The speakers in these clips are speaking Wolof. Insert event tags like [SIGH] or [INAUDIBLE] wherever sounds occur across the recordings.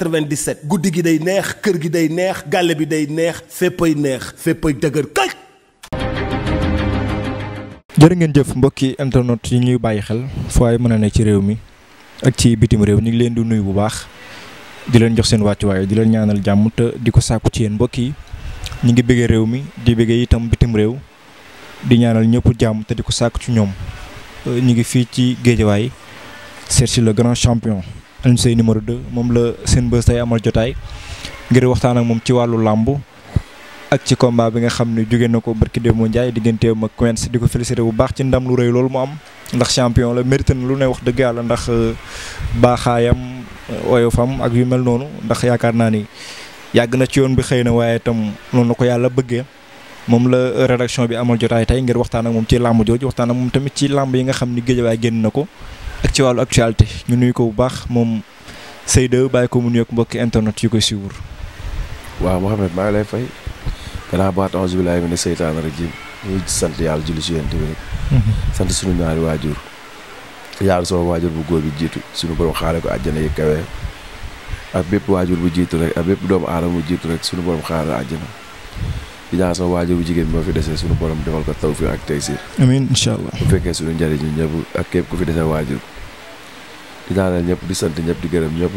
97 guddi gi day neex kër gi day neex gàlle bi day neex féppay neex féppay dëgër kay. jërë ngeen jëf mbokki internet yi ñuy bàyyi xel fu waay mën a nekk ci réew mi ak ci bitim réew ñu ngi leen di nuyu bu baax di leen jox seen wàccuwaay di leen ñaanal jàmm te di ko sàkku ci yéen mbokk yi ñu ngi bëggee réew mi di bëggee itam bitim réew di ñaanal ñëpp jàmm te di ko sàkku ci ñoom ñu ngi fii ci géejawaay seet si le grand champion Alioune Seye numéro de moom la seen bës tey amal jotaay ngir waxtaan ak moom ci wàllu làmb ak ci combat bi nga xam ne jóge na ko barki Demba Ndiaye digganteem ak Quench di ko félicité bu baax ci ndam lu rëy loolu mu am ndax champion la mérité na lu ne wax dëgg yàlla ndax euh, baaxaayam euh, oyofam ak yu mel noonu ndax yaakaar naa ni yàgg na ci yoon bi xëy na waaye itam noonu la ko yàlla bëggee. moom la rédaction bi amal jotaay tey ngir waxtaan ak moom ci làmb jooju waxtaan ak moom tamit ci làmb yi nga xam ni géejawaay génn na ko ak ci wàllu actualité ñu nuyu ko bu baax moom Seydou bàyyi ko mu nuyu ak mbokki internet yu ko suivre. waaw Mouhamed maa ngi lay fay. gannaaw baat auzu billaahi mina seytaani rajiim ñu sant yàlla julli si yéen rek. Mhm. sant suñu ñaari waajur. yaaru waajur bu góor bi jiitu suñu borom xaale ko àjjana yi kawe ak bépp waajur bu jiitu rek ak bépp doomu aadama bu jiitu rek suñu borom xaare àjjana di ñaan sama waajur bu jigéen bi ma fi desee suñu borom defal ko tawfiq ak taysiir amiin incha allah bu fekkee suñu njëriñ ñëpp ak képp ku fi desee waajur di ñaanal ñëpp di sant ñëpp di gërëm ñëpp.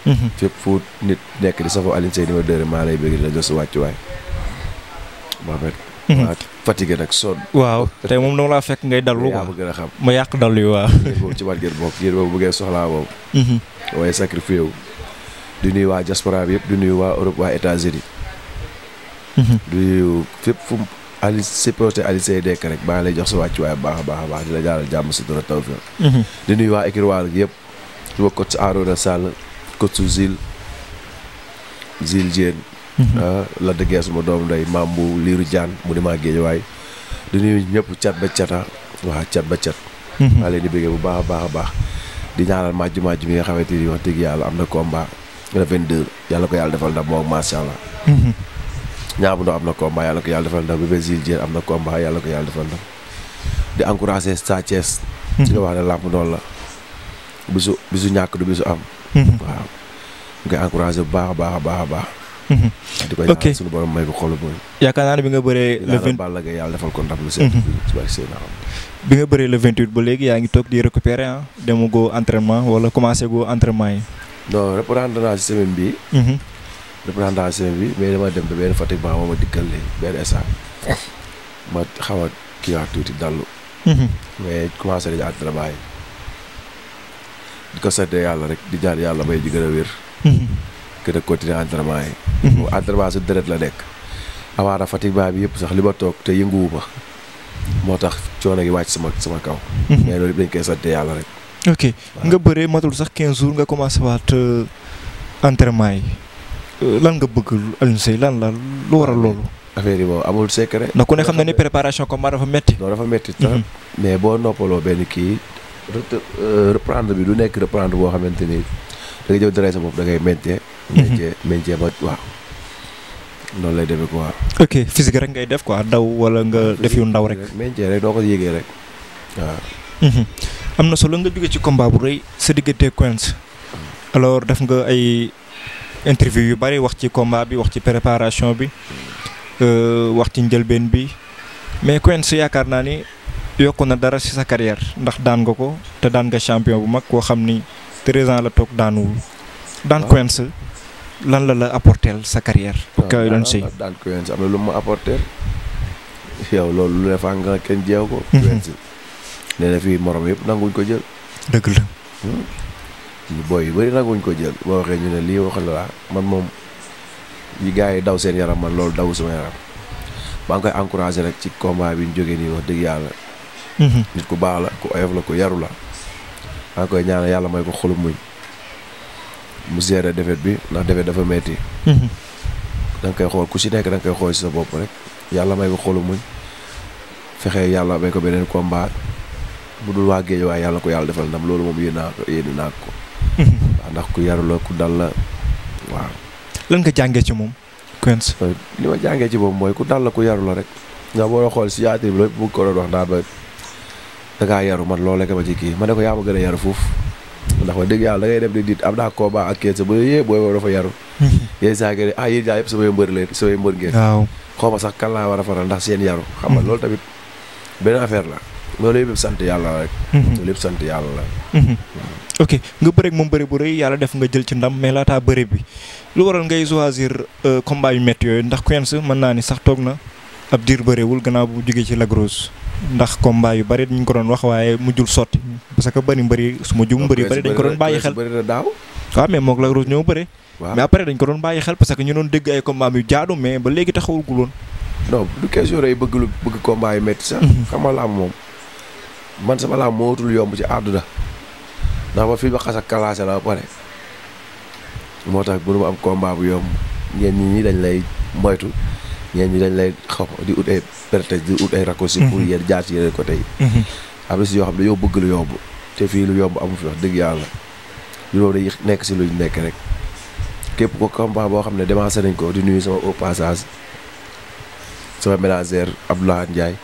Mm-hmm. fépp fu nit nekk di safoo Alioune Seye numéro maa lay bëgg di la jox sa wàccuwaay. Mohamed. Mm-hmm. waaw fatigué nag sonn. waaw tey moom dama laa fekk ngay dallu. waaw gën xam ma yàq dallu yi waaw. ci wàllu ngeen bokk yéen boobu bu ngeen soxlaa boobu. Mm-hmm. waaye sacrifié wu. di nuyu waa diaspora yëpp di nuyu waa Europe waa États-Unis du nuyu fépp fu Aliou supporter jox sa wàccuwaay bu baax baax a baax di la jaaral jàmm si dara taw fi. di nuyu waa Ekirwaar gi yëpp. wo coach Arouna Sall coach Zil Zil Dieng mhm. ah, la dëggee suma doom day maam bu liiru jaan mu ni maa géej waay di nuyu ñëpp cat ba cata waaw cat ba cat mhm. maa leen di bëggee bu baax a baax a baax di ñaanal majju majju mi nga xamante ni wax dëgg yàlla am na combat le 22 yàlla ko yàlla defal ndam moom macha allah mhm. ñaa bu ndox am na komba yàlla ko yàlla defal ndam bébé Zil Dieng am na combat yàlla ko yàlla defal ndam di encouragé Sa Thiès ci nga wax ne làmp la bisu bisu ñàkk du bisu am. Mhm. waaw ñu koy bu baax a baax a baax a baax. Mhm. di ko ñaanal suñu borom may ko xol bu yaakaar naa bi nga bëree. le vingt Balla Gaye yàlla defal ko ndam lu mhm. ba léegi yaa ngi toog di récupérer ah. demu goo entraînement wala commencé goo entraînement yi. non reprendre naa si semaine bii. reprendre naa si semaine bii mais dama dem ba benn Fatick ba ma a leen benn instant oh. ma xaw a tuuti dallu. mais commencé nañu entraînement yi. di ko sante yàlla rek di jaar yàlla may ji a wér. [LAUGHS] gën a continuer entraînement yi. bu mhm. entraînement deret la nekk. amaana Fatick baa bi yëpp sax li ma toog te yënguwuma moo tax coono gi wàcc sama sama kaw. Mhm. mais loolu yëpp dañ koy sante yàlla rek. ok nga bëree matul sax 15 euh, euh, bëgg Alioune Seye lan la lu waral loolu. affaire boobu amul secret. ndax ku ne xam na ni préparation comme dafa metti. loolu dafa metti mhm. trop mais boo noppaloo benn kii. Euh, reprendre bi du nekk reprendre boo xamante ni da nga jëw dara sa bopp da ngay métier. Mhm. métier métier ba waaw. noonu lay demee quoi. ok physique rek ngay def quoi daw wala nga def yu ndaw rek. métier rek doo ko yëgee rek waaw. Mhm. am na solo nga jóge ci combat bu rëy sa diggante Quench. alors def nga ay interview yu bari wax ci combat bi wax ci préparation bi euh, wax ci njëlbeen bi mais Quench yaakaar naa ni. yokku na dara ci sa carrière ndax daan nga ko te daan nga champion bu mag koo xam ni 13 ans la toog daanuwul. daan Quench lan la la apporteel sa carrière. kaw doon sëy daan Quench am na lu mu apporteel yow loolu lu ne faa nga kenn jeew ko. Mhm. Quench nee fii moroom yëpp nanguñ ko jël. dëgg la. Hmm? booy yu bëri nanguñ ko jël boo waxee ñu ne lii wax la man moom yi gars yi daw seen yaram man loolu daw sama yaram maa ngi koy encouragé rek ci combat bi ñu jóge nii wax dëgg yàlla. Mhm. nit ku baax la ku oyof la ku yaru la maa ngi koy ñaanal yàlla may ko xolu muñ mu gérer bi ndax defet dafa metti mhm. da koy xool ku si nekk da nga xool si sa bopp rek yàlla may ko xolu muñ fexe yàlla may ko beneen combat dul waa géej waaye ko yàlla defal ndam loolu moom yéen naa naa ko. Mhm. ndax ku yaru la dal la waaw. jàngee ci moom. Quench li ma jàngee ci moom mooy ku dal la ku yaru la rek. nga boo xool si yaatu bi lépp ko doon wax naan ba. da ngaa yaru man loolu rek ma ci kii ma ko yaa gën a yaru foofu ndax wax dëgg yàlla da ngay dem di dit am naa combat ak kees bu yee booy boobu dafa yaru. [LAUGHS] yéen saa ngeen ah yéen jaa yëpp samay mbër leen samay mbër ngeen. waaw xaw a faral ndax mm-hmm. la. Mm-hmm. la. Mm-hmm. ok nga bëreeg moom bëri bu rëy yàlla def nga jël ci ndam mais laataa bëri bi lu waral ngay choisir euh, combat yu métti yooyu ndax Quench mën naa ni sax toog na ab diir bëreewul gannaaw bu jógee ci Lac Rose ndax combat yu bari dañ ko doon wax waaye mujjul sotti parce que bëri mbëri su ma jum mbëri bëri dañ ko doon bàyyi xel waaw mais moog la Rouge ñoo bëre mais après dañ ko doon bàyyi xel parce que ñu doon dégg ay combat yu jaadu mais ba léegi taxawul gu loon non du bëgg lu bëgg combat yu métti sax mhm. xamal am moom man sama laa mootul yomb ci àdduna ndax ma fii ba xas ak kalaase la ba pare moo tax bu nu ma am combat bu yomb ngeen ñi dañ lay moytu ñeen ñi dañ lay xaw di ut ay prétexte di ut ay raccourci pour mhm. yéen jaar ci yeneen côté yi mhm. am si yoo xam ne dañoo bëgg lu yomb te fii lu yomb amu fi wax dëgg yàlla ñu loolu dañuy nekk si luñ nekk rek képp ko combat boo xam ne demancé nañ ko di nuyu sama au passage sama ménagère Abdoulaye Ndiaye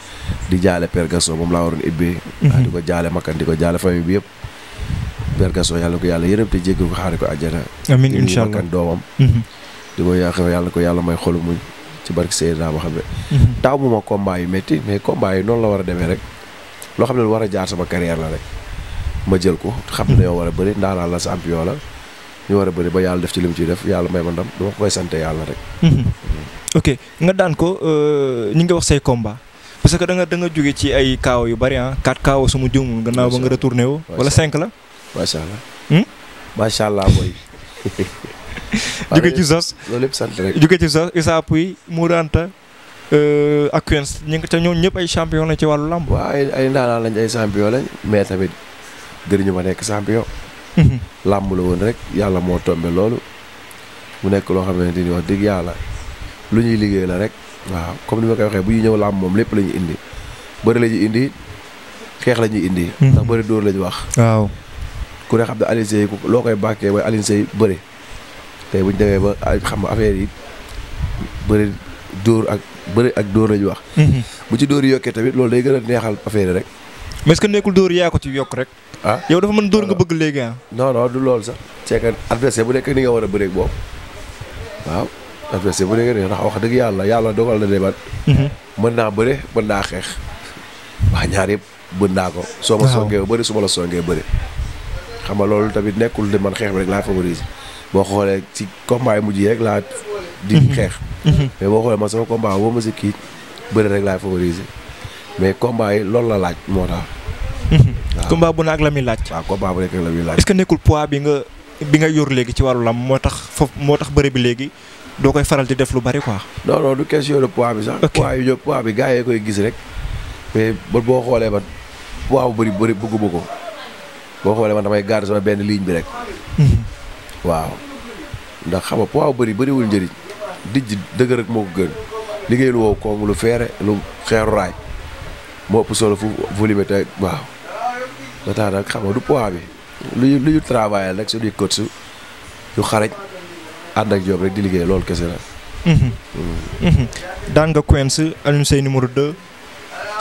di jaale Père Gasson moom laa waroon mhm. ah, di ko jaale makkan di ko jaale famille bi yëpp Père Gasson yàlla ko yàlla yërëm te jéggal ko xaare ko àjjana amiin incha allah makkan doomam di ko yàq yàlla ko yàlla may xolu muñ ci barke Seydina Mohamed. Mhm. taaw mu ma combat yu métti mais combat yi noonu la war a demee rek loo xam ne lu war a jaar sama carrière la rek ma jël ko. xam ne yow mhm. war a bëri ndaanaan la champion la ñu war a bëri ba yàlla def ci li mu ciy def yàlla may ma ndam dama koy sant yàlla rek. Mhm. ok nga daan ko euh, ñu ngi wax say combat. parce que danga danga da jóge ci ay kaaw yu bari ah 4 kaaw suma juumul gannaaw ba nga retourné woo. wala 5 la. macha allah. Hmm? macha allah [LAUGHS] [LAUGHS] jóge ci sos loolu lépp sant rek jóge ci euh, ak Quench ñu ngi te ñoom ñëpp ay champion lañ ci wàllu làmb waa ay ay ndaanaan lañ ay champion lañ mais tamit ñu ma nekk champion mhm. làmb la woon rek yàlla moo tombe loolu mu nekk loo xamante ni wax dëgg yàlla lu ñuy liggéey la rek waaw comme ni ma koy waxee bu ñuy ñëw làmb moom lépp la ñuy indi bëri la ñuy indi xeex la ñuy indi mhm. ndax bëri dóor lañu wax waaw ku ne xam ne Alioune loo koy bàkkee mooy Alioune Seye tey bu ñu demee ba xam nga affaire yi bëri dóor ak bëri ak dóor lañu wax. Mhm. bu ci dóor yokkee tamit loolu day gën a neexal affaire rek. mais est-ce que nekkul dóor yaa ko ci yokk rek. ah yow dafa man dóor nga bëgg léegi ah. non non du loolu sax. c'est que adversaire bu nekk ni nga war a bëreeg boobu waaw adversaire bu wax dëgg yàlla yàlla dogal na mhm. mën naa bëre mën naa xeex. waa ñaar yëpp mën naa ko. soo ma songee bëri su ma la songee bëri. xam nga loolu tamit nekkul ne man xeex bi rek laa favoriser boo xoolee ci combat yi mujj yi rek laa. di mhm. xeex. Mhm. mais boo xoolee man sama combat boo ma si kii bëri rek laa favoriser mais combat loolu la laaj moo tax. Mhm. waaw bu naag la muy laaj. waaw combat bu nekk la muy laaj. est que nekkul poids bi nga bi nga yor léegi ci wàllu lam moo tax foofu moo tax bëri bi léegi doo koy faral di def lu bari quoi. non non du question de poids bi sax. ok bi gars yee koy gis rek. mais ba boo xoolee man poids bu bëri bëri bëgguma ko boo xoolee man damay garder sama benn ligne bi rek. waaw ndax xam nga poids bëri bëriwul njëriñ dijj dëgër rek moo ko gën liggéey lu wow koŋ lu feere lu xeeru raaj moo ëpp solo fu volume te waaw ba tax nag xam du poids bi lu lu ñu travail rek suñuy coach yu xarañ ànd ak job rek di liggéey loolu kese la. Mhm. Mhm. daan nga Quench Alioune Seye numéro 2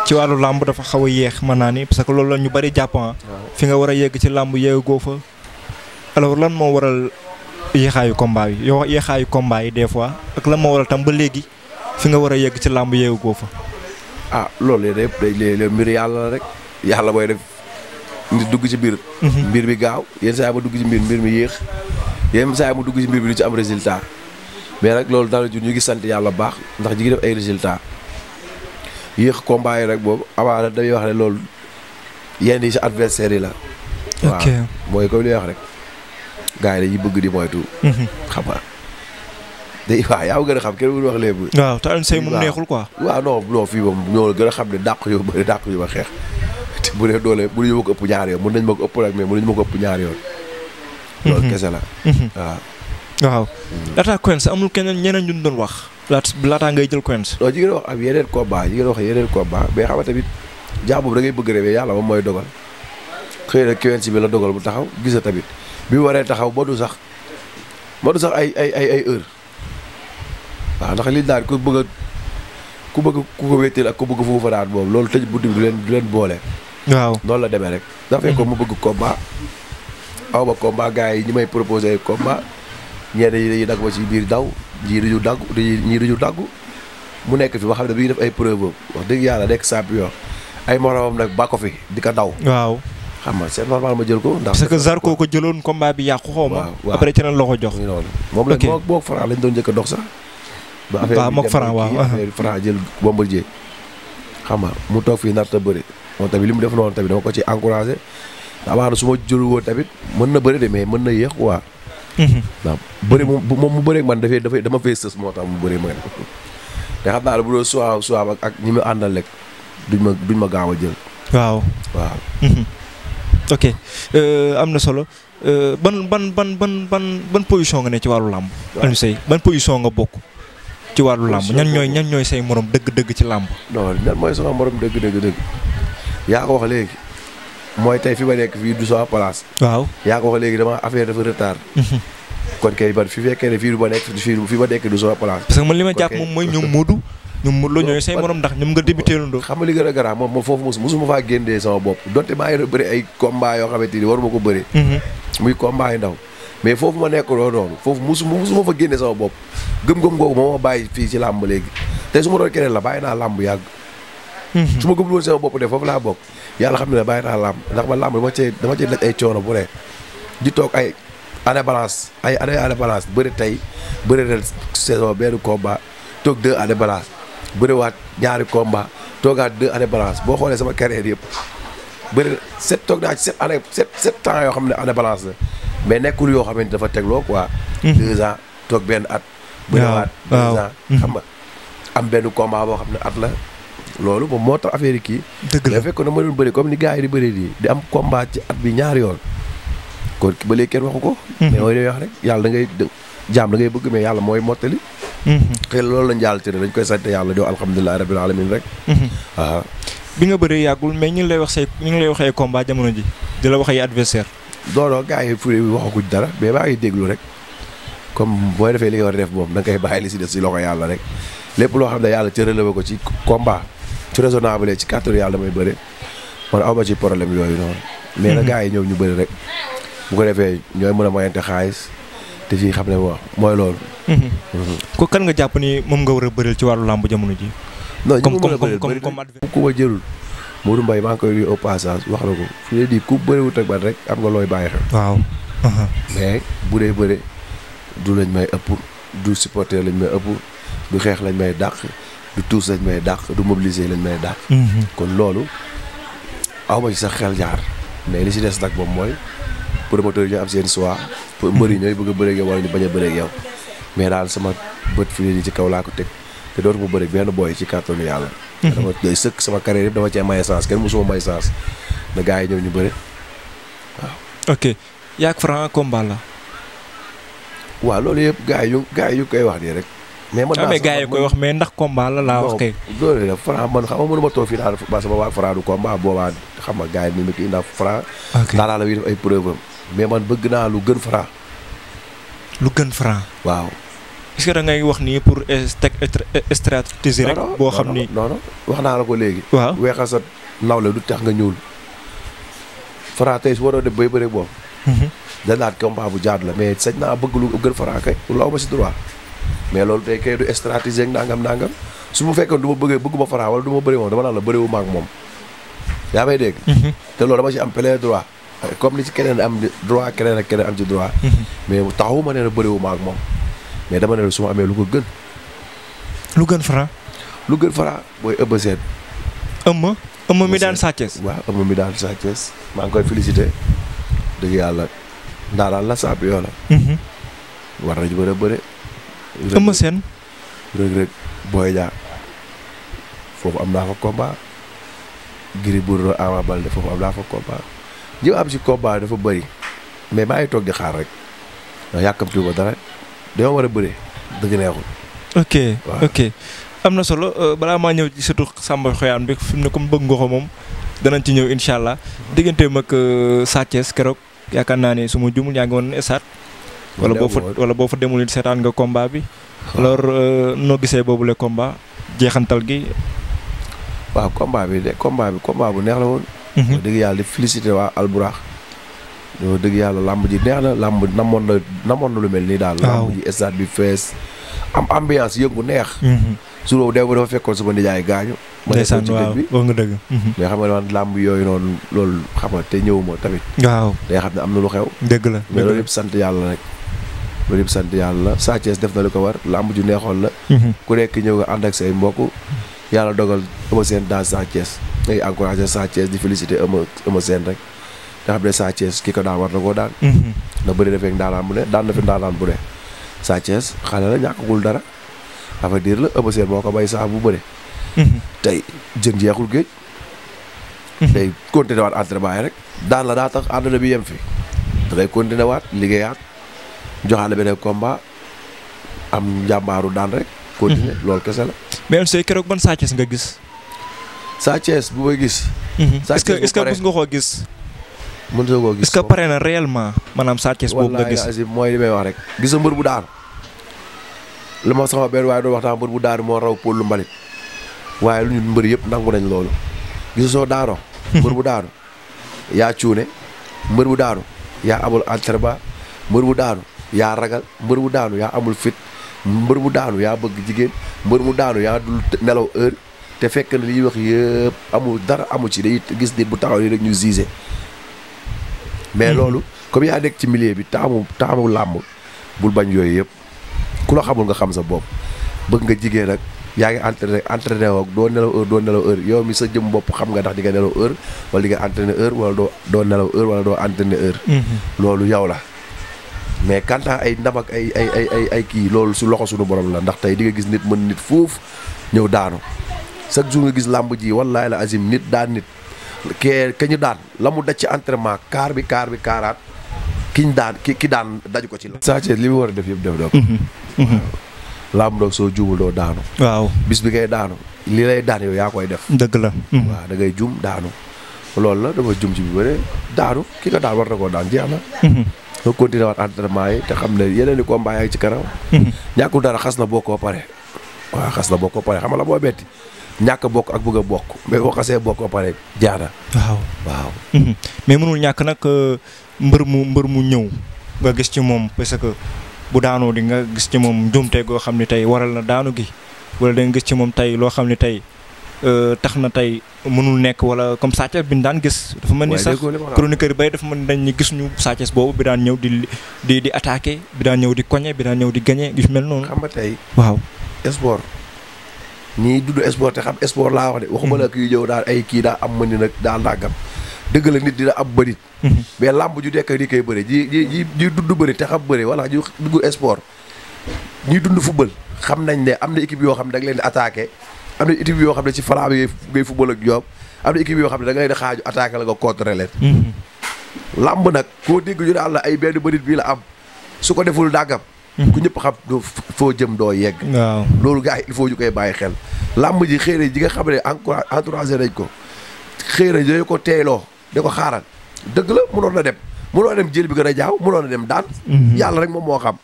ci wàllu làmb dafa xaw a yéex naa ni parce loolu la bari jàpp ah. fi nga war a yegg ci làmb yeegoo fa. alors lan moo waral yéexaayu combat yi yow yéexaayu combat yi des fois ak lan moo waral tam ba léegi fi nga war a yegg ci làmb yeegu koo fa. ah loolu yëpp mbir yàlla la rek yàlla booy def nit dugg ci biir. Mhm. mbir mi gaaw yenn saa yi ma dugg ci mbir mbir mi yéex yenn saa yi dugg ci mbir mi du ci am résultat mais nag loolu daal ñu ngi sant yàlla bu baax ndax ñu ngi def ay résultat yéex combat yi rek boobu avant dañuy wax ne loolu yenn yi si la. ok waaw mooy comme li wax rek. gaa yi bëgg di moytu. xam nga day waaw xam kenn mënu wax lépp. waaw te Alioune mu moom neexul quoi. waaw non non fii moom ñoo gën a xam ne dàq yu bëri ma xeex te bu dee doole mënuñu ma ko ëpp ñaari yoon mën nañ ma ko ëpp rek mais mënuñu ma ko ëpp ñaari yoon. Mhm. loolu kese la. Mhm. waaw. waaw laataa Quench amul keneen ñeneen ñun doon wax. laat laataa ngay jël Quench. oo ji ngeen wax am yeneen combat ji ngeen wax yeneen combat mais xam nga tamit jàmm ngay bëgg a yàlla moom mooy dogal xëy na Quench bi la dogal bu taxaw gisa tamit bi waree taxaw ba sax ma du sax ay ay ay ay heure waaw ndax li daan ku bëgg ku bëgg ku ko wétteel ak ku bëgg foofu daan boobu loolu tëj buddi bi du leen du leen boole. waaw noonu la demee rek. dafay ko mu bëgg combat aw ma combat gars yi ñu may proposé combat ñenn yi dañuy dagg ci biir daw ñii duñu dagg ñii duñu dagg mu nekk fi ba xam ne bi def ay preuve wax dëgg yàlla nekk champion ay moromam nag ba ko fi di ko daw. xam nga c'est normal ma jël ko. ndax que Zarko ko jëloon combat bi yàqu xaw ma. après ci lan la ko jox. moom la moom moog Franc lañ doon njëkk a dox sax. ba affaire xam nga mu toog fii nar ta bëri moom tamit li mu def noonu tamit dama ko ci encouragé amaana su ma jël woon tamit mën na bëri de mais mën na yéex quoi. Mhm. waaw bëri moom moom mu bëree man dafay dafay dama fay sës moo tax mu bëree ma ne te xam naa ne bu doon suwaaw suwaaw ak ak ñi mu àndal rek duñ ma duñ ma gaaw a jël. waaw waaw. Mhm. ok euh, am na solo euh, ban ban ban ban ban ban position nga ne ci wàllu làmb. Aliou Seye ban position nga bokk. ci wàllu làmb ñan ñooy ñan ñooy say moroom dëgg-dëgg ci làmb. non ñan mooy sama morom dëgg-dëgg dëgg yaa ko wax léegi mooy tey fi ma nekk fii du sama place. waaw yaa ko wax léegi dama affaire dafa retard. Mhm. kon kay ban parce que man li ma jàpp moom mooy ñoom Modou. ñoom Modou Lo ñooy say morom ndax ñoom nga débuté lundoo xam nga li gën a garaaw moom moom foofu yoo xamante ni waruma ko bëri mm-hmm. muy combat yu ndaw mais foofu ma nekk loo noonu foofu mosuma mosuma fa génnee sama bopp gëm-gëm googu moo ma bàyyi fii ci làmb léegi tey su ma doon keneen la bàyyi naa làmb yàgg mm-hmm. su ma gëm loolu sama bopp de foofu laa bokk yàlla xam ne bàyyi naa làmb ndax ma làmb dama cee dama cee daj ay coono bu ne di toog ay année balance ay année année balance bëri tey bëri ren saison benn combat toog deux année balance waat ñaari combat toogaat deux année balance boo xoolee sama carrière yëpp bëri sept toog naa ci sept année sept sept yoo xam ne année balance la mais nekkul yoo xam ne dafa tegloo quoi. Mhm. deux ans toog benn at. bëriwaat deux ans mhm. xam nga am benn combat boo xam ne at la. loolu moom moo tax affaire kii. dëgg la fekk na ma doon bëri comme ni gars yi di bëri di di am combat ci at bi ñaari yoon. kon ba léegi kenn waxu ko. Mhm. mais wax rek yàlla da ngay jaam da ngay bëgg mais yàlla mooy mottali. Mm-hmm. xëy loolu lañ yàlla tere dañ koy sant yàlla di wax alhamdulilah rabil alamin rek. waaw. Mm-hmm. bi nga bëree yàggul mais ñu ngi lay wax say ñu ngi lay waxee ay combat jamono ji di la wax ay adversaire non non gars yi fure bi waxaguñ dara mais maa ngi déglu rek comme boo defee li nga war a def moom da nga koy bàyyi li si def si loxo yàlla rek lépp loo xam ne yàlla cërale ma ko ci combat ci raisonnable ci kàttanu yàlla damay bëre man aw ma ci problème yooyu noonu. mais na mm-hmm. gars yi ñëw ñu bëri rek bu ko defee ñooy mën a mayante xaalis. te fii xam ne waaw mooy loolu. Mhm. Mhm. ko kan nga jàpp ni moom nga war a bëri ci wàllu làmb jamono ji. non ñu mën a bëril comme comme ku ma jëlul. Modou Mbaye maa ngi koy au passage wax na ko fu ñu di ku bëriwut ak man rek am nga looy bàyyi xel. waaw. mais bu dee bëre du lañ may ëpp du supporter lañ may ëpp du xeex lañ may dàq du tuus lañ may dàq du mobiliser lañ may dàq. Mhm. kon loolu aw ci sax xel jaar mais li ci des nag moom mooy. pour promoteur yi ñu am seen choix pour mbër yi ñooy bëgg a bëreeg yow wala ñu bañ a bëreeg yow mais daal sama bët fii nii ci kaw laa ko teg te dootuma bëri benn booy ci kàttanu yàlla. Mhm. dama doy sëkk sama carrière yëpp dama cee may chance kenn mosuma may chance na gars yi ñëw ñu bëri waaw. ok yaak Franc combat la. waaw loolu yëpp gars yu gars yu koy wax nii rek. mais man maa ah, gars yi koy wax mais ndax combat la laa wax kay. loolu la man xam nga mënuma toog fii daal ba sama waa Franc du combat boobaa xam nga gars yi ni mu la mais man bëgg naa lu gën Franc. lu gën Franc. waaw. est wax nii pour teg boo xam ni wax naa la ko léegi. waaw weexal sa nawle du tax nga ñuul. Franc tey su waroo mhm. la mais sañ naa bëgg lu gën Franc kay. loolu ma si droit. mais loolu tey kay du stratégie ak nangam nangam su mu fekkoon du ma bëggee bëgguma Franc wala du ma bëri moom dama naan la bëriwu ma ak moom yaa may dégg mhm. te loolu dama ci am plein droit comme ni ci keneen am droit keneen ak keneen am ci droit mhm. mais taxawu ma nee na bëriwu ak moom mais dama ne su ma amee lu ko gën lu gën Franc lu gën Franc booy Eumeu Sène Eumeu Eumeu mi daan Sathiès waaw Eumeu mi daan Sathiès maa ngi koy félicité dëgg yàlla ndaanaan la champion la mhm. war Eumeu Sène Reug Reug Boy Niang foofu am naa fa combat Gris Bordeaux Ama Baldé foofu am naa fa combat ñi am si combat dafa bëri mais ba ay toog di xaar rek ndax yàkkamtiwuma dara dañoo war a bëri dëgg neexul ok ok am na solo euh, balaa maa ñëw ci surtout Samba Xoyaan bi fi mu ne comme bëgg nga ko moom danañ ci ñëw incha allah digganteem ak euh, Sa Thiès keroog yaakaar naa ne suma ma jumul yaa ngi woon esaat wala boo fa wala boo fa demul it seetaan nga combat bi. alors euh, noo gisee boobule komba jeexantal gi. waaw combat bi de combat bi combat bu neex la woon. Mhm. wax dëgg yàlla di félicité waa Alburax. dëgg yàlla làmb ji neex na làmb namoon na namoon na lu mel nii daal. làmb ji bi fees. am ambiance yëngu neex. su mhm. loolu dem dafa fekkoon sama nijaay gaañu. ndeysaan waaw wax nga dëgg mhm. mais xam nga man làmb yooyu noonu loolu xam nga te ñëwuma tamit. waaw day xam ne am na lu xew. dëgg la mais loolu yëpp sant yàlla rek. loolu yëpp sant yàlla la def na li ko war làmb ju neexoon la mhm. ku nekk ñëw nga ànd ak say mbokk yàlla dogal Eumeu Sène dans Sa Thiès ngay encouragé Sa Thiès di félicité Eumeu ki ko daan war na koo daan mhm. ndax bëri na fi ndaanaan bu ne Sa Thiès xale la ñàkkagul dara dafa diir la Eumeu moo ko bay saa bu bëre mhm. tey jën jeexul géej day continué waat entraînement rek daan la daa tax àdduna bi yem fi da ngay liggéeyaat joxaale beneen combat am jàmbaaru daan rek. continuer mhm. loolu kese la. mais Alioune Seye keroog ban nga gis. Sa Thiès bu gis. Mhm. Sa que nga koo gis. mën nga koo gis est-ce que pare na réellement maanaam Sa Thiès boobu nga gis mooy li may wax rek. gis mbër bu daan lu ma sama benn waaye doon waxtaan mbër bu daan moo raw Poul Mbalit waaye lu ñun mbër yëpp nangu nañ loolu gis soo daanoo. Mhm. mbër bu daanu yaa cuune mbër bu daanu yaa amul entraînement mbër bu daanu. yaa ragal mbër mu daanu yaa amul fit mbër mu daanu yaa bëgg jigéen mbër mu daanu yaa dul nelaw heure te fekk na li ñuy wax yëpp amul dara amu ci day gis nit bu taxaw nii rek ñu gisé mais hmm. loolu comme yaa nekk ci millier bi taamu taamu làmb bul bañ yooyu yëpp ku la xamul nga xam sa bopp bëgg nga jigéen ak yaa ngi entraîné entraîné woog doo nelaw heure doo nelaw heure yow mi sa jëm bopp xam nga ndax di nga nelaw heure wala di nga entraîné heure wala doo doo nelaw heure wala doo entraîné heure hmm. loolu yow la mais quant à ay ndam ay kii loolu su loxo suñu borom la ndax tey di nga gis nit mën nit foofu ñëw daanu chaque jour nga gis làmb ji wallaay la azim nit daan nit kee ke ñu daan la mu daj ci entraînement kaar bi kaar bi kaaraat ki ñu daan ki ki daan daju ko ci la. Sa Thiès li mu war a def yëpp def doo ko. Mhm, mhm. làmb doog soo juumul doo daanu. waaw bis bi ngay daanu li lay daan yow yaa koy def. dëgg la. Mhm. waaw da ngay juum daanu loolu la dafa juum ci bi bëre daanu ki nga daan war na daan jeex na. nga continuer waat entraînement yi te xam ne yeneen i ko yaa ngi ci kanam. [LAUGHS] ñàkkul dara xas na bokkoo pare. waaw xas na bokkoo pare xam nga la moo betti ñàkk bokk ak bëgg a bokk mais boo xasee bokkoo pare jaana. waaw waaw. [LAUGHS] mais mënul ñàkk nag euh, mbër mu mbër mu ñëw nga gis ci moom parce que bu daanoo di nga gis ci moom njuumte goo xam ne tey waral na daanu gi wala da gis ci moom tey loo xam ne tey. Euh, tax na tey mënul nekk wala comme Sa bi ñu daan gis. dafa mel ni sax chroniqueur yi bay dafa mën nañ ñu gis ñu Sa boobu bi daan ñëw di di di attaqué bi daan ñëw di koñe bi daan ñëw di gañe yu mel noonu. xam nga tey. waaw sport ñiy dudd sport te xam sport laa wax de. waxuma la mhm. kuy ñëw daal ay kii daa am mën ni nag daal nangam. dëgg la nit di dina am bërit mhm. mais làmb ju nekk di koy bëri ji ji ji dudd bëri te xam bëri wala ñu dugg sport ñuy dund football xam nañ ne am na équipe yoo xam ne da leen di am na équipe yoo xam ne ci flanc bi football ak ñoom am na équipe yoo xam ne da ngay di xaaju attaqué la nga contrer làmb mm-hmm. nag koo dégg ñu daal la ay benn mënit bii la am su ko deful dàggam. Mm-hmm. ku ñëpp xam doo foo jëm doo yegg. waaw loolu gars yi il faut koy bàyyi xel. làmb ji xëy ji nga xam ne encouragé nañ ko xëy na ñooy ko teeloo da ko xaaral dëgg la mënoon na dem mënoon na dem jël bi gën a jaaw mënoon na dem daan. Mm-hmm. yàlla rek moom moo xam.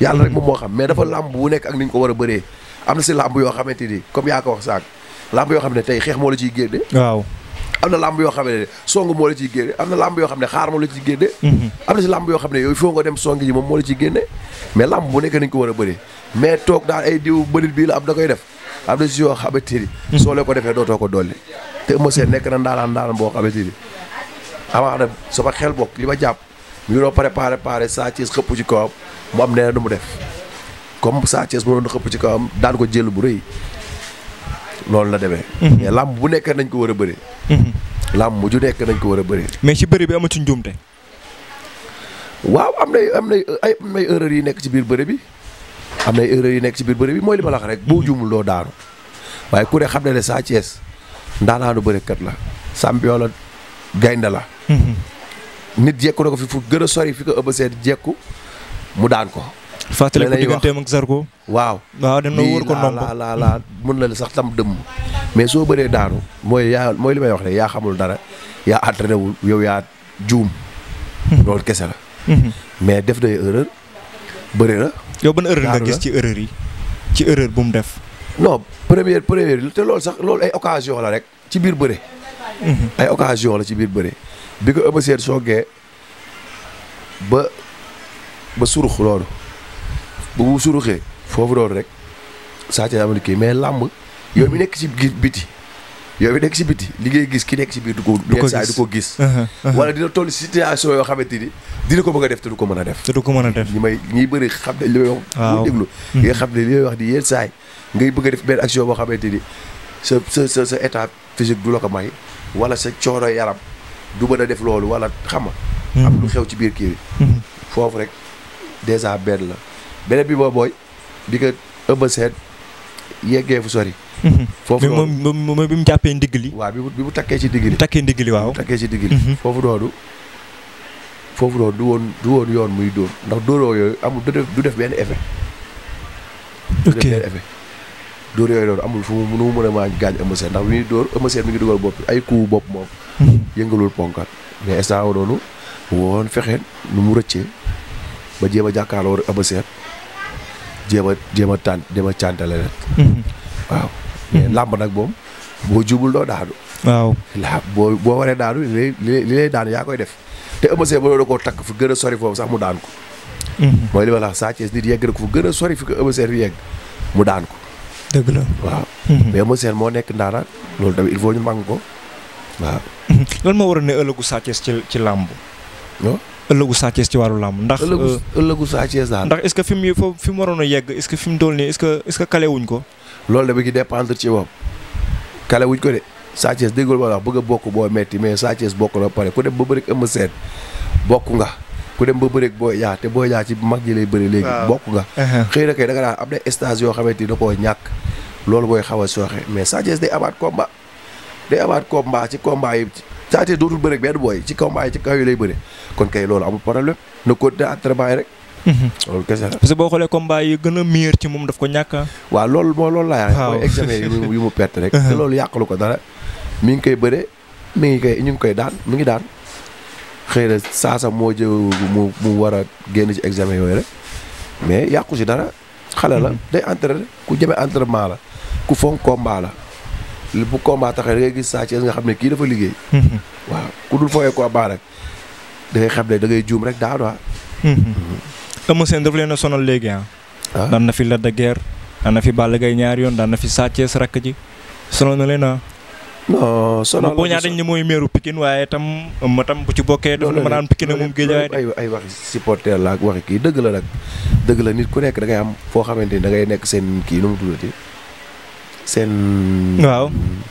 yàlla rek moom moo xam mais dafa làmb bu nekk ak ni ñu ko war a bëree. am na si làmb yoo xamante ni comme yaa ko wax sànq làmb yoo xam ne tey xeex moo la ciy génne. waaw am na làmb yoo xam ne song moo la ciy génne am na làmb yoo xam ne xaar moo la ciy génne. Mhm. am na si làmb yoo xam ne yooyu foo nga dem song ji moom moo la ciy génne mais làmb bu nekk nañ ko war a bëri mais toog daal ay diw bëri bii la am da koy def am na si yoo xamante ni. Mhm. soo lee ko defee dootoo ko dolli. te Eumeu Sène nekk na ndaanaan ndaanaan boo xamante ni amaana sama xel bokk li ma jàpp. mu yoroo préparé préparé saa ci xëpp ci kawam mu am nee na nu comme Sa Thiès bu doon xëpp ci kawam daan ko jël bu rëy loolu la demee. Mhm. làmb bu nekk nañ ko war a bëri. Mhm. làmb bu ju nekk nañ ko war a bëri. mais ci bëri bi amatuñ njuumte. waaw am nay am nay ay am nay erreurs yi nekk ci biir bëri bi am nay erreurs yi nekk ci biir bëri bi mooy li ma la rek boo mhm. juumul doo daanu waaye ku ne xam na ne Sa Thiès ndaanaanu bërekat la champion la gaynde la. nit jekku na ko fi fu gën a sori fi ko ëpp seet jekku mu daan ko. fàttali ko digganteem ak Zarko waaw waaw dem na wóor ko ndomb la la mën na la sax tam dëmm mais soo bëree daanu mooy yaa mooy li may wax rek yaa xamul dara yaa entraîné wul yow yaa juum hmm. loolu kese la hmm. mais def na erreur bëri na yow ban erreur nga gis ci erreur yi ci erreur bu mu def non première première te loolu sax loolu ay occasion la rek ci biir bëre hmm. ay occasion la ci biir bëre bi ko Eumeu Sène soogee ba ba surux loolu bu mu suruxee foofu doon rek Sa Thiès amul mais làmb yow mi nekk ci si biti yow mi nekk si biti li ngay gis ki nekk ci biir du ko du ko gis du ko gis [LAUGHS] uh-huh, uh-huh. wala dina toll situation yoo xamante ni dina ko bëgg def te du ko mën a def te ko mën a def ñi may ñiy bëri hmm. xam ne li may wax nga xam ne li di yenn saay ngay bëgg a def benn ak boo xamante ni sa sa sa sa état physique du la ko may wala sa coono yaram du mën a def loolu wala xam nga hmm. am lu xew ci biir kii bi hmm. foofu rek dèjà benn la beneen bi moom mooy bi nga yeggee fu sori. Mhm. foofu noonu moom moom bi mu jàppee ndigg li. waaw bi mu bi mu takkee ci digg takkee ndigg li waaw. takkee ci digg li. Mhm. foofu noonu foofu noonu du woon yoon muy dóor ndax dóoroo yooyu amul du def def benn effet. ok du def benn dóor yooyu noonu amul fu mu nu mu mën a maa gaañ ëmb seen ndax bi ñuy dóor ëmb seen ngi dugal bopp ay coup bopp moom. Mhm. yëngalul ponkat mais instant woon noonu woon fexeen nu mu rëccee ba jéem a jàkkaarloo ëmb seen jéem a jéem a tàn jéem a càntale rek. Mm-hmm. waaw mais mm-hmm. làmb nag moom boo jubul doo daanu. boo boo waree daanu li lay li lay daanu yaa koy def te Eumeu Sène mënoon na takk fu gën a sori foofu sax mu daan ko. Mm-hmm. mooy li ma la wax Sa Thiès nit yegg na ko fu gën a sori fi ko Eumeu Sène yegg mu daan ko. dëgg la waaw. mais Eumeu moo nekk ndaana loolu tamit il faut ñu màng ko waaw. lan moo waroon ne ëllëgu Sa ci ci ëllëgu Sa Thiès ci wàllu làmb ndax. ëllëgu euh, ëllëgu Sa Thiès daal. ndax fi mu fi mu waroon a yegg est-ce ko. loolu de bi ngi dépendre ci moom wuñ ko de Sa Thiès déggul ma a bokk boo metti mais Sa Thiès bokk na pare ku dem ba bëri ëmb seen bokk dem ba bëri booy yaa te booy yaa ci mag ji lay bëri léegi bokk nga xëy na kay da nga daan yoo xamante ni da koo ñàkk loolu booy xaw a sooxe mais Sa Thiès day amaat combat day amaat ci combat yi Sa Thiès dootul bëri benn booy ci combat yi ci kaw yi lay bëri kon kay loolu amul problème na continuer entraînement yi rek. Mhm. loolu kese la. parce que boo xoolee combat yi ko ñàkk a. waaw loolu moo loolu rek. [LAUGHS] ko dara mi ngi koy bëre mi ngi koy ñu ngi koy daan mi ngi daan xëy na saasa moo jë mu mu war a génn ci examen yooyu rek mais yàqu si dara. xale la mhm. day entraîné ku jëmee entraînement la ku fonk combat la. bu combat taxee da ngay gis saa ci nga xam ne kii dafa liggéey. Mhm. waaw ku dul fooyee combat rek da ngay xam ne da ngay juum rek daal waaw. Ah. Hmm. Eumeu seen daf leen a sonal léegi ah. ah. daan na fi Lac de Guiers daan na fi Balla Gaye ñaari yoon daan na fi Sa rakk ji sonal na leen ah. non sonal na Boña dañ mooy meeru Pikine waaye tam ma tam bu ci bokkee. loolu la naan Pikine moom géej ay ay waxi supporter la ak waxi kii dëgg la nag dëgg la nit ku nekk da ngay am foo xamante ni da ngay nekk seen kii nu mu tuddati seen. waaw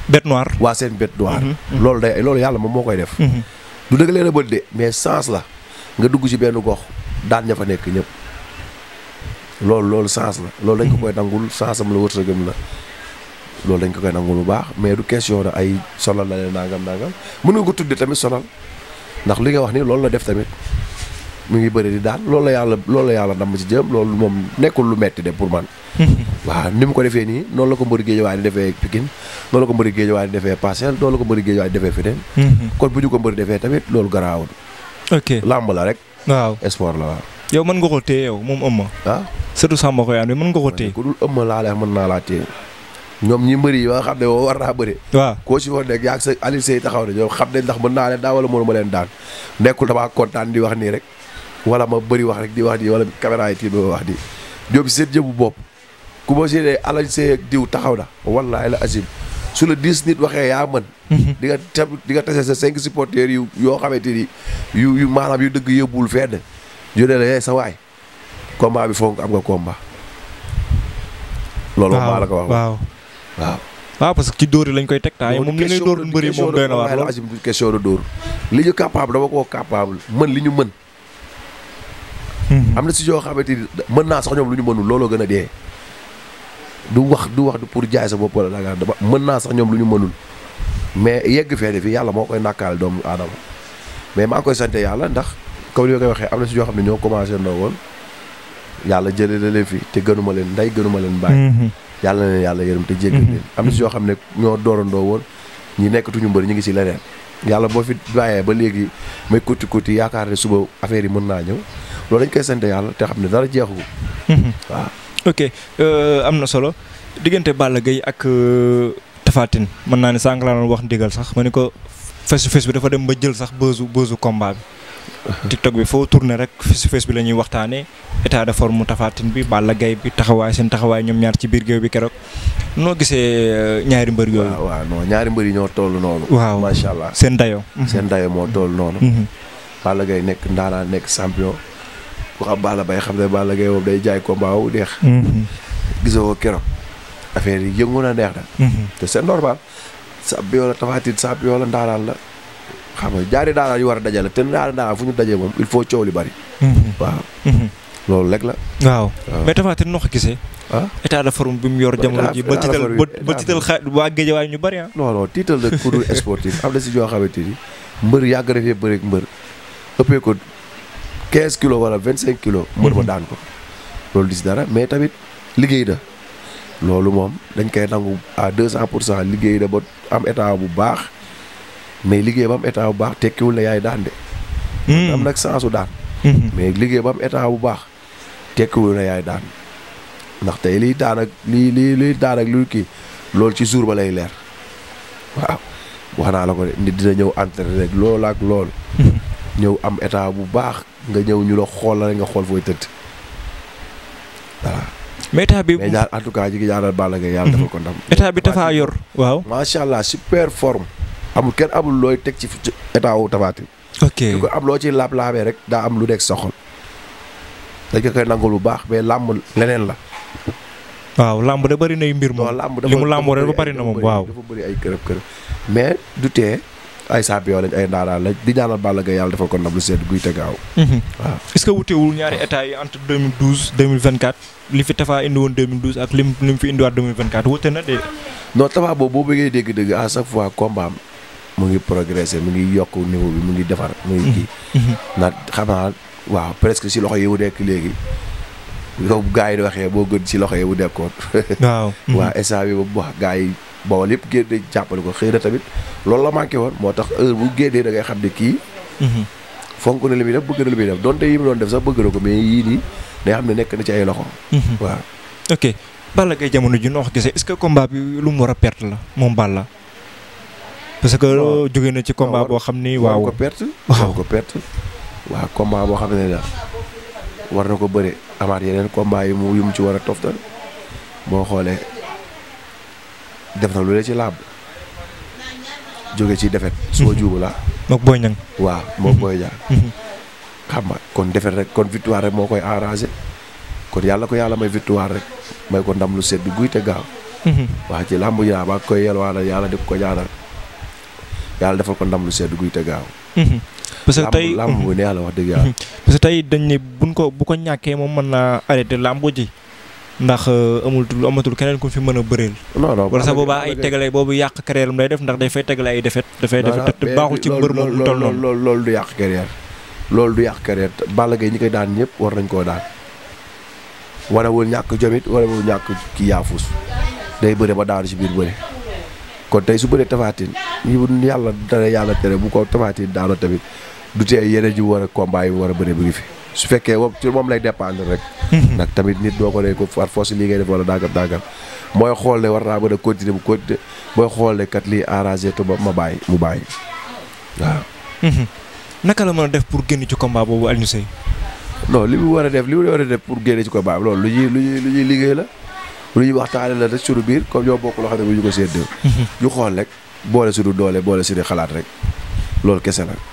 bête noire. waa seen bête noire. Mhm, mhm. loolu yàlla moom moo koy def. Mhm. du dëgg leen a bët de mais sens la nga dugg ci benn gox daan ña fa nekk ñëpp loolu loolu sens la loolu dañ ko koy nangul am la wërsëgam la loolu dañ ko koy nangul bu baax mais du question da ay solal la leen nangam nangam mën nga ko tudde tamit solal ndax li nga wax ni loolu la def tamit mu ngi bëri di daan loolu la yàlla loolu la yàlla damm ci jëm loolu moom nekkul lu metti de pour man [LAUGHS] waaw ni mu ko defee nii noonu la ko mbëri géejawaay di defee Pikine noonu la ko mbëri géejawaay di defee Parcelles noonu la ko mbëri géejawaay di defee feneen mhm. kon bu ñu ko mbëri defee tamit loolu garaawul ok làmb la rek waaw sport la waaw yow mën nga ko téye yow moom ëmma ah surtout Samba Koyaan bi mën nga ko téye ku dul ëmma laa lay mën naa laa téye ñoom ñi mbëri yi nga xam ne woo war naa bëri waaw koo si fa nekk yaa sa Aliou Seye taxaw ne ñoom xam ne ndax mën naa leen daan wala mënu ma leen daan nekkul damaa kontaan di wax nii rek wala ma bëri wax rek di wax nii wala caméra yi tiim wax nii ñoom si seen jëmu bopp ku ma génne alañ see diw taxaw na wallaay la azim su la dix nit waxee yaa mën mhm. di nga tab di nga tase sa cinq supporters yu yoo xamante ni yu yu maanaam yu dëgg yóbbul fenn ñu ne la yee eh, sa waay komba bi foog am nga komba loolu maa la ko wax waaw waaw waaw parce que ci dóor yi lañ koy teg taay moom li ngay dóor mbëri moom doy na waar lool azim du mën li ñu mën mhm. am na si yoo xamante ni mën naa sox ñoom lu ñu mënul looloo gën a dee du wax du wax du pour jaay sa bopp wala danga dama mën naa sax ñoom lu ñu mënul mais yegg fee fi yàlla moo koy nakkaale doomu aadama mais maa koy sante yàlla ndax comme li ma koy waxee am na si yoo xam ne ñoo commencé na woon yàlla jëlee la leen fi te gënuma leen ndey gënuma leen bàyyi mm-hmm. yàlla leen yàlla yërëm te jéggal mm-hmm. am si yoo xam ne ñoo doorandoo woon ñi nekkatuñu mbër ñu ngi si leneen yàlla boo fi bàyyee ba léegi may kuti kuti yaakaar ne suba affaire yi mën naa ñëw loolu dañ koy sant yàlla te xam ne dara jeexu mm-hmm. waaw ok euh, am na solo diggante Balla Gaye ak euh, Tapha Tine mën naa ne sànq laa wax ndigal sax ma ne ko face to bi dafa dem ba jël sax bësu bësu combat bi. TikTok bi foo tourné rek face to bi la ñuy waxtaanee état de forme Tapha Tine bi Balla gay bi taxawaay seen taxawaay ñoom ñaar ci biir géew bi keroog noo gisee euh, ñaari mbër yooyu. waaw waaw ñaari mbër yi ñoo tollu noonu. waaw macha allah seen dayo seen dayo moo toll noonu. Mm-hmm. Balla gay nekk ndaanaan nekk champion. ku xam Balla Gaye xam ne Balla Gaye moom day jaay combat wu neex. Mhm. gisoo ko keroog affaire yi yëngu na neex na. Mhm. te c'est normal champion la Tapha Tine champion la ndaanaan la xam nga jaari ndaanaan yu war a dajale te ñaari ndaanaan fu ñu dajee moom il faut coow li bari. Mhm. waaw. loolu rek la. waaw mais Tapha Tine noo ko gisee. ah état de forme bi mu yor jamono ba tiital ba tiital xa waa géejewaay yoo ah. xamante ni mbër yàgg na fee bëreeg mbër ëppee ko. 15 kilos wala 25 kilos. mbër ma mhm. daan ko loolu di si dara mais tamit liggéey da loolu moom dañ koy nangu à 200 pour cent liggéey da ba am état bu baax mais liggéey ba am état bu baax tekkiwul na yaay daan de. Mhm. am nag sensu daan. Mhm. mais liggéey ba am état bu baax tekkiwul na yaay daan ndax tey liy daan ak lii lii liy daan ak lu kii loolu ci jour ba leer waaw wax naa la ko de nit dina ñëw entraîné rek loolu ak loolu. ñëw am état bu baax nga ñëw ñu la xool la nga xool fooy tëdd voilà. mais bi mais daal en tout cas ñu ngi ñaanal Balla Gaye ko ndam. Mhm. état bi Tapha yor waaw. macha allah super forme. amul kenn amul looy teg ci état wu Tapha Tine. ok di ko am loo ciy laab laabee rek daa am lu nekk soxal. dañ ko koy baax mais làmb leneen la. waaw làmb da bëri nay mbir moom. li mu làmb rek ba bëri na moom waaw. ay kërëb kërëb mais du tee. ay champion lañ ay ndaanaan lañ di ñaanal Balla Gaye yàlla defal ko ndam lu sedd guy te gaaw. Mhm. waaw est-ce que wutewul ñaari état yi entre 2012 li fi Tafa indi woon 2012 ak lim lim fi indiwaat 2024 wute na de. non Tafa boo bëggee dégg-dégg à chaque fois combat mu ngi progressé mu ngi yokk niveau bi mu ngi defar. mu ngi kii. Mhm. Mhm. ndax xanaa waaw presque si loxo yi mu nekk léegi. yow gaa yi di waxee boo gën ci loxo yi mu nekkoon. waaw [LAUGHS] waaw instant bi boobu wax gaa bawal yëpp gédde jàppale ko xëy na tamit lool la manqué woon moo tax heure bu géddee dangay xam ne kii mhm. fonk na li muy def bëgg na li muy def donte yi mu doon def sax bëgg na ko mais yii nii day xam ne nekk na ci ay loxo mhm. waaw ok Balla jamono ji noo gisee est-ce que combat bi lu mu war a perte la moom Balla parce que jóge na ci combat boo xam ni waaw ko perte waaw ko perte waaw boo xam ne la war na ko bëre amaat yeneen combat yi mu yu mu ci war a toftal boo xoolee def na lu ne ci làmb jóge ci defet soo mhm. juubu la mook booy ñang waaw mook booy ñang mhm. mhm. xam kon defet rek kon victoire rek moo koy arrangé kon yàlla ko yàlla may victoire rek may ko ndam lu sedd guy te gaaw waa ci làmb yaa ba koy yàlla di ko ñaanal yàlla defal ko ndam lu sedd guy te gaaw parce que tey làmb neex la wax dëgg yàlla parce que tey dañ ne buñ ko bu ko ñàkkee moom mën naa arrêté làmb ji ndax euh, amul amatul keneen ku fi mën a bëreel. non wala sax boobaa ay tegale boobu yàq carrière am lay def ndax day fay tegale ay defet dafay defet te baaxul ci mbër moom mu toll noonu loolu du yàq carrière loolu du yàq carrière Balla ñi koy daan ñëpp war nañ koo daan wanewul ñàkk jomit wanewul ñàkk ki yaafus day bëre ba daanu ci biir bëre kon tey su bëree tafaatin ñu yàlla dara yàlla tere bu ko tafaatin daanoo tamit du tee yeneen ji war a combat yi war a bëre bu ngi fi su fekkee moom ci moom lay dépendre rek. Mhm. nag tamit nit doo ko ne ko far force lii ngay def wala dàggam dàggam. mooy xool ne war naa mën a continuer mu continuer mooy xool ne kat lii arrangé tu ma ma bàyyi mu bàyyi waaw. Mhm. naka la mën a def pour génn ci combat boobu Alioune Seye. non li mu war a def li mu war a def pour génn ci combat loolu lu ñuy lu ñuy lu ñuy liggéey la lu ñuy waxtaanee la rek suñu biir comme ñoo bokk loo xam ne bu ñu ko séddee. Mhm. ñu xool rek boole suñu doole boole suñu xalaat rek loolu kese la.